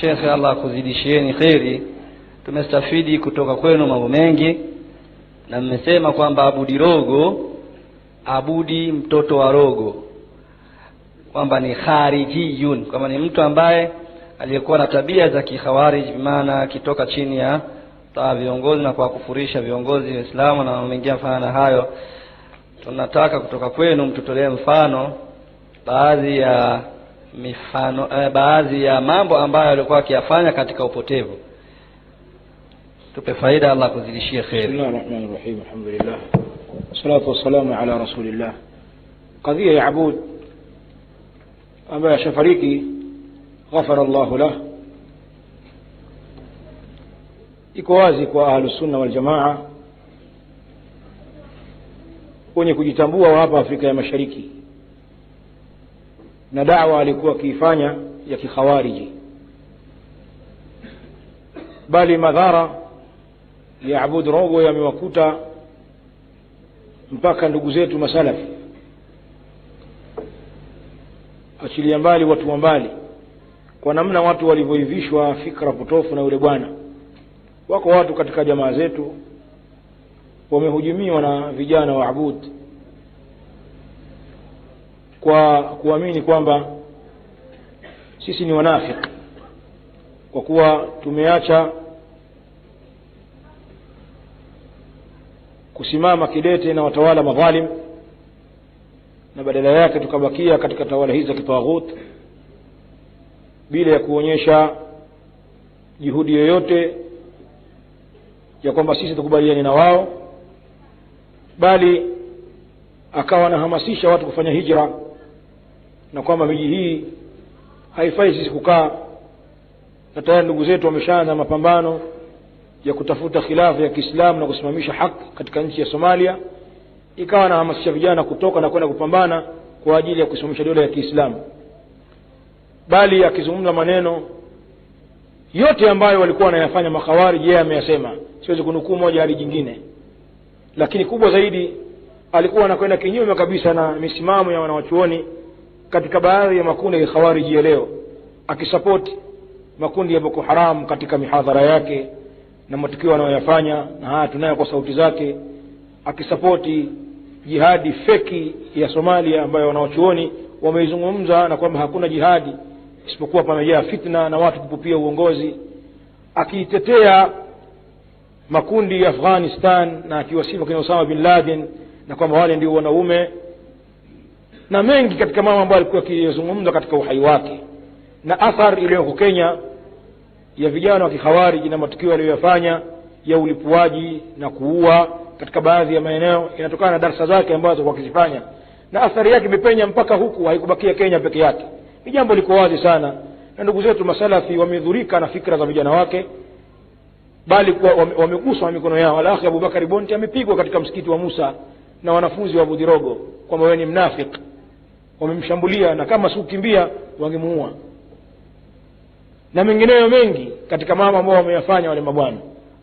Shekhe, Allah akuzidishieni kheri. Tumestafidi kutoka kwenu mambo mengi, na mmesema kwamba abudi rogo abudi mtoto wa rogo, kwamba ni kharijiyun, kwamba ni mtu ambaye aliyekuwa na tabia za kikhawariji maana akitoka chini ya taa viongozi na kuwakufurisha viongozi Waislamu na mambo mengine mfano na hayo. Tunataka kutoka kwenu mtutolee mfano baadhi ya mifano eh, baadhi ya mambo ambayo alikuwa akiyafanya katika upotevu tupe faida Allah kuzidishie kheri alhamdulillah salatu wassalamu ala rasulillah قضية يا عبود أبا ghafara غفر الله iko wazi kwa ahlu sunna wal jamaa wenye kujitambua wa hapa Afrika ya Mashariki na dawa alikuwa akiifanya ya kikhawariji bali madhara ya abud rogo yamewakuta mpaka ndugu zetu masalafi achilia mbali watu wa mbali kwa namna watu walivyoivishwa fikra potofu na yule bwana wako watu katika jamaa zetu wamehujumiwa na vijana wa abud kwa kuamini kwamba sisi ni wanafik kwa kuwa tumeacha kusimama kidete na watawala madhalim na badala yake tukabakia katika tawala hizi za kitaghut bila ya kuonyesha juhudi yoyote ya kwamba sisi tukubaliani na wao bali akawa anahamasisha watu kufanya hijra na kwamba miji hii haifai sisi kukaa na tayari ndugu zetu wameshaanza mapambano ya kutafuta khilafu ya kiislamu na kusimamisha haki katika nchi ya somalia ikawa anahamasisha vijana kutoka na kwenda kupambana kwa ajili ya kusimamisha dola ya kiislamu bali akizungumza maneno yote ambayo walikuwa wanayafanya makhawariji yeye ameyasema siwezi kunukuu moja hadi jingine lakini kubwa zaidi alikuwa anakwenda kinyume kabisa na misimamo ya wanawachuoni katika baadhi ya makundi ya khawariji ya leo akisapoti makundi ya Boko Haram katika mihadhara yake na matukio anayoyafanya na haya tunayo kwa sauti zake, akisapoti jihadi feki ya Somalia ambayo wanaochuoni wameizungumza na kwamba hakuna jihadi isipokuwa pamejaa fitna na watu kupupia uongozi, akiitetea makundi ya Afghanistan na akiwasifu kina usama bin Laden na kwamba wale ndio wanaume na mengi katika mambo ambayo alikuwa akiyazungumza katika uhai wake na athar iliyoko kenya ya vijana wa kikhawariji na matukio aliyoyafanya ya ulipuaji na kuua katika baadhi ya maeneo inatokana na darsa zake ambazo alikuwa akizifanya na athari yake imepenya mpaka huku haikubakia kenya peke yake ni jambo liko wazi sana na ndugu zetu masalafi wamedhurika na fikra za vijana wake bali wameguswa na mikono yao alahi abubakari bonti amepigwa katika msikiti wa musa na wanafunzi wa budirogo kwamba wewe ni mnafiki wamemshambulia na kama sikukimbia wangemuua na mengineyo mengi katika mambo ambao wameyafanya wale mabwana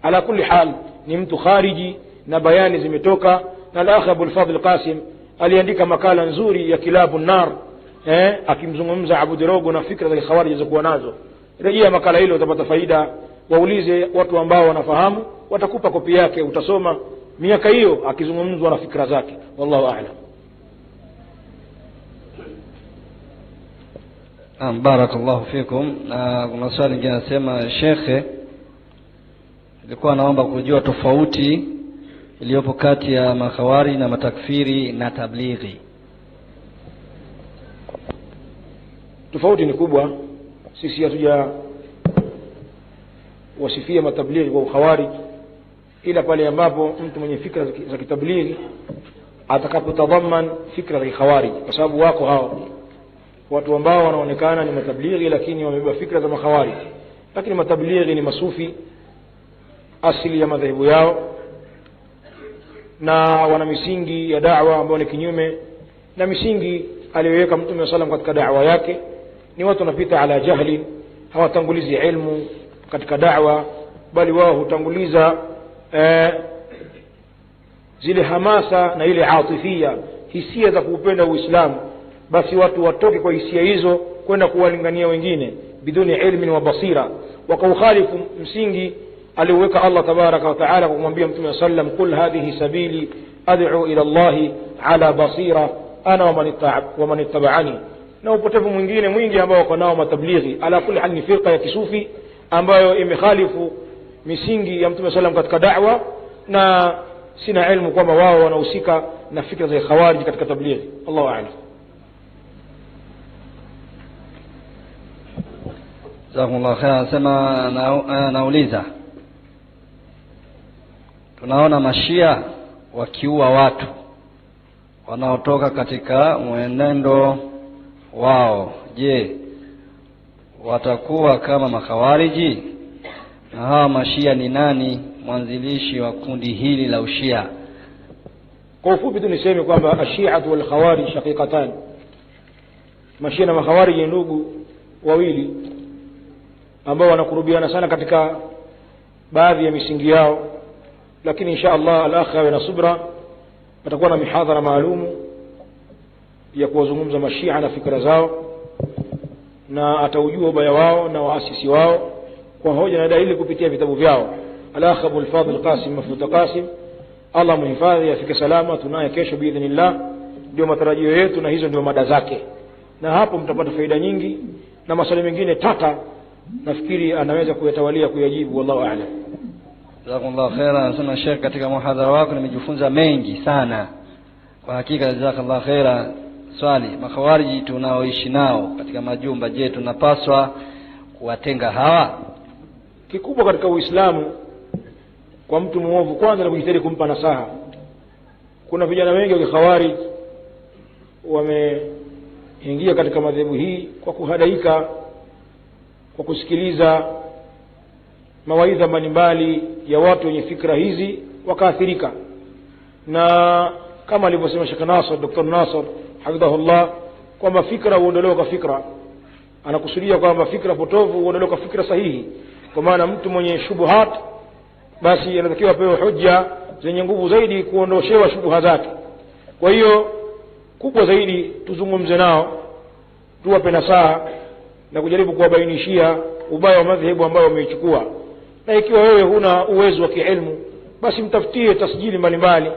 ala kuli hal ni mtu khariji na bayani zimetoka na lakhi abulfadl qasim aliandika makala nzuri ya kilabu nar eh, akimzungumza abudirogo na fikra za kikhawarij alizokuwa nazo rejea makala hilo utapata faida waulize watu ambao wanafahamu watakupa kopi yake utasoma miaka hiyo akizungumzwa na fikra zake wallahu alam Barakallahu fikum. Na kuna swali lingine anasema, shekhe, ilikuwa naomba kujua tofauti iliyopo kati ya makhawari na matakfiri na tablighi. Tofauti ni kubwa. Sisi hatuja wasifia matablighi kwa ukhawari, ila pale ambapo mtu mwenye fikra za kitablighi atakapotadhaman fikra za kikhawarij, kwa sababu wako hao watu ambao wanaonekana ni matablighi lakini wamebeba fikra za makhawari lakini matablighi ni masufi asili ya madhehebu yao na wana misingi ya dawa ambayo ni kinyume na misingi aliyoweka mtume wa salam katika dawa yake ni watu wanapita ala jahli hawatangulizi ilmu katika dawa bali wao hutanguliza eh, zile hamasa na ile atifia hisia za kuupenda uislamu basi watu watoke kwa hisia hizo kwenda kuwalingania wengine biduni ilmin wa basira wakaukhalifu msingi alioweka allah tabaraka wataala kwa kumwambia mtume wa sallam kul hadhihi sabili adcu ila llahi ala basira ana waman ittabaani na upotevu mwingine mwingi ambao wako nao matablighi ala kuli hal ni firqa ya kisufi ambayo imekhalifu misingi ya mtume salam katika dawa na sina ilmu kwamba wao wanahusika na fikra za khawariji katika tablighi allahu alam Jazakumullah khair. Sema anauliza, tunaona mashia wakiua watu wanaotoka katika mwenendo wao. Je, watakuwa kama makhawariji? Na hawa mashia ni nani mwanzilishi wa kundi hili la ushia? Kwa ufupi tu niseme kwamba ashiatu walkhawariji shaqiqatan, mashia na makhawariji ni ndugu wawili ambao wanakurubiana sana katika baadhi ya misingi yao lakini insha allah alakhi awe na subra atakuwa na mihadhara maalumu ya kuwazungumza mashia na fikra zao na ataujua ubaya wao na waasisi wao kwa hoja na dalili kupitia vitabu vyao alakhi abulfadhil qasim mafuta qasim allah mhifadhi afike salama tunaye kesho biidhnillah ndio matarajio yetu na hizo ndio mada zake na hapo mtapata faida nyingi na maswali mengine tata nafikiri anaweza kuyatawalia kuyajibu, wallahu a'lam. Jazakumullahu khaira. Anasema shekh katika muhadhara wako nimejifunza mengi sana kwa hakika, jazakallahu khaira. Swali, makhawariji tunaoishi nao katika majumba, je, tunapaswa kuwatenga hawa? Kikubwa katika Uislamu kwa mtu mwovu kwanza nakujitaidi kumpa nasaha. Kuna vijana wengi wakikhawariji wameingia katika madhehebu hii kwa kuhadaika kwa kusikiliza mawaidha mbalimbali ya watu wenye fikra hizi wakaathirika na kama alivyosema shekh nasr dr nasr hafidhahullah kwamba fikra huondolewa kwa fikra anakusudia kwamba fikra potovu huondolewa kwa fikra sahihi kwa maana mtu mwenye shubuhat basi anatakiwa apewe hoja zenye nguvu zaidi kuondoshewa shubuha zake kwa hiyo kubwa zaidi tuzungumze nao tuwape na saa na kujaribu kuwabainishia ubaya wa madhehebu ambayo wameichukua na ikiwa wewe huna uwezo wa kiilmu basi mtafutie tasjili mbalimbali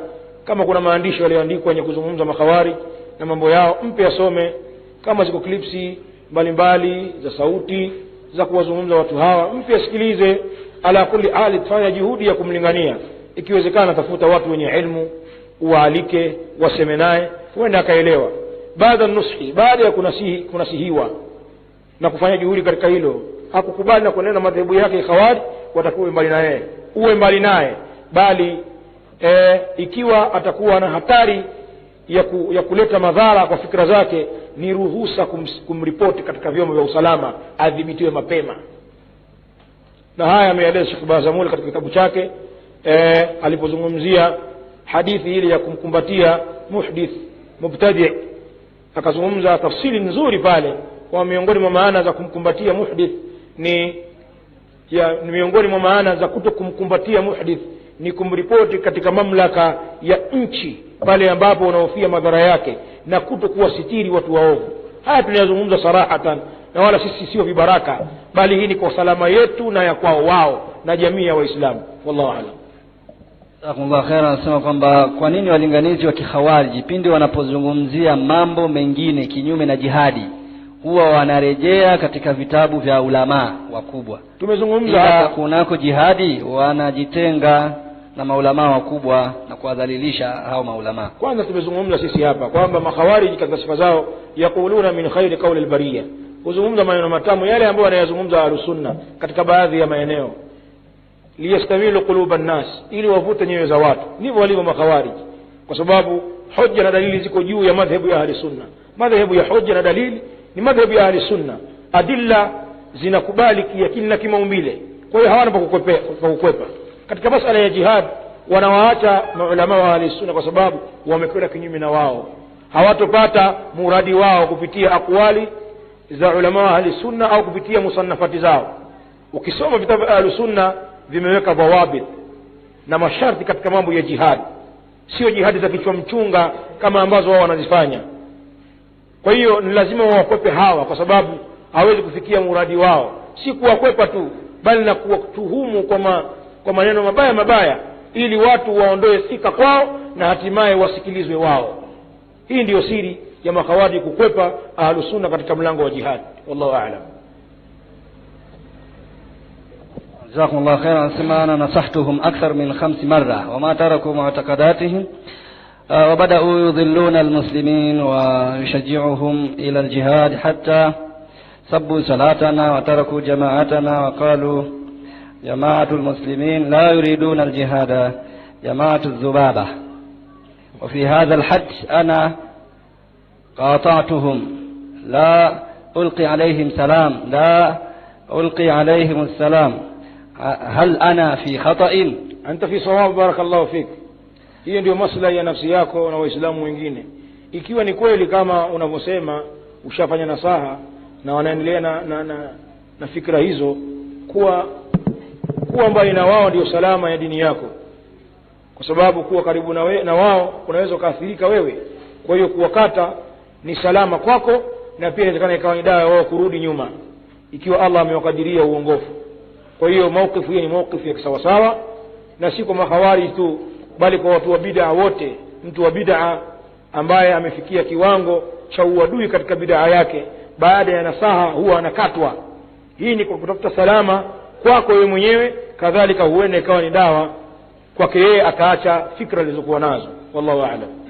kama kuna maandishi yaliyoandikwa yenye kuzungumza makhawari na mambo yao mpe asome kama ziko klipsi mbalimbali za sauti za kuwazungumza watu hawa mpe asikilize ala kuli ali fanya juhudi ya kumlingania ikiwezekana tafuta watu wenye ilmu uwaalike waseme naye huenda akaelewa baada nushi baada ya kunasihi kunasihiwa na kufanya juhudi katika hilo hakukubali na na madhehebu yake khawari uwe mbali naye uwe mbali naye bali e, ikiwa atakuwa na hatari ya, ku, ya kuleta madhara kwa fikira zake ni ruhusa kum, kumripoti katika vyombo vya usalama adhibitiwe mapema na haya ameeleza shekh bazamuli katika kitabu chake e, alipozungumzia hadithi ile ya kumkumbatia muhdith mubtadi akazungumza tafsiri nzuri pale kwa miongoni mwa maana za kumkumbatia muhdith ni ya miongoni mwa maana za kuto kumkumbatia muhdith ni kumripoti katika mamlaka ya nchi pale ambapo unahofia madhara yake na kuto kuwasitiri watu waovu haya tunayazungumza sarahatan na wala sisi sio vibaraka bali hii ni kwa salama yetu na ya kwao wao na jamii ya waislamu wallahu alam anasema kwamba kwa nini walinganizi wa kikhawariji pindi wanapozungumzia mambo mengine kinyume na jihadi huwa wanarejea katika vitabu vya ulamaa wakubwa. Tumezungumza hapa kunako jihadi, wanajitenga na maulamaa wakubwa na kuwadhalilisha hao maulamaa. Kwanza tumezungumza sisi hapa kwamba makhawariji katika sifa zao yaquluna min khairi qauli albariya, huzungumza maneno matamu yale ambayo wanayazungumza ahlusunna katika baadhi ya maeneo, liyastamilu quluba nnas, ili wavute nyoyo za watu. Ndivyo walivyo makhawariji, kwa sababu hoja na dalili ziko juu ya madhehebu ya ahlusunna, madhehebu ya hoja na dalili ni madhhabu ya ahlisunna adilla zinakubali kiakili na kimaumbile kwa hiyo hawana pakukwepa katika masala ya jihad wanawaacha maulamaa wa sunna kwa sababu wamekwenda kinyume na wao hawatopata muradi wao kupitia akwali za ulama wa ahlisunna au kupitia musanafati zao ukisoma vitabu vya ahlusunna vimeweka dhawabit na masharti katika mambo ya jihadi sio jihadi za kichwa mchunga kama ambazo wao wanazifanya kwa hiyo ni lazima wawakwepe hawa kwa sababu hawezi kufikia muradi wao si kuwakwepa tu bali na kuwatuhumu kwa, ma, kwa maneno mabaya mabaya ili watu waondoe sika kwao na hatimaye wasikilizwe wao hii ndiyo siri ya makawadi kukwepa ahlusunna katika mlango wa jihad wallahu alam آه، وبدأوا يضلون المسلمين ويشجعهم إلى الجهاد حتى سبوا صلاتنا وتركوا جماعتنا وقالوا جماعة المسلمين لا يريدون الجهاد جماعة الذبابة وفي هذا الحد أنا قاطعتهم لا ألقي عليهم سلام لا ألقي عليهم السلام هل أنا في خطأ أنت في صواب بارك الله فيك hiyo ndio maslahi ya nafsi yako na waislamu wengine ikiwa ni kweli kama unavyosema ushafanya nasaha na wanaendelea na, na, na, na fikra hizo kuwa kuwa mbali na wao ndio salama ya dini yako kwa sababu kuwa karibu na, we, na wao unaweza ukaathirika wewe kwa hiyo kuwakata ni salama kwako na pia inawezekana ikawa ni dawa ya wao kurudi nyuma ikiwa allah amewakadiria uongofu kwa hiyo maukifu hiyo ni maukifu ya kisawasawa na si kwa mahawari tu bali kwa watu wa bidaa wote mtu wa bidaa ambaye amefikia kiwango cha uadui katika bidaa yake baada ya nasaha huwa anakatwa hii ni kwa kutafuta salama kwako wewe mwenyewe kadhalika huenda ikawa ni dawa kwake yeye akaacha fikra alizokuwa nazo wallahu alam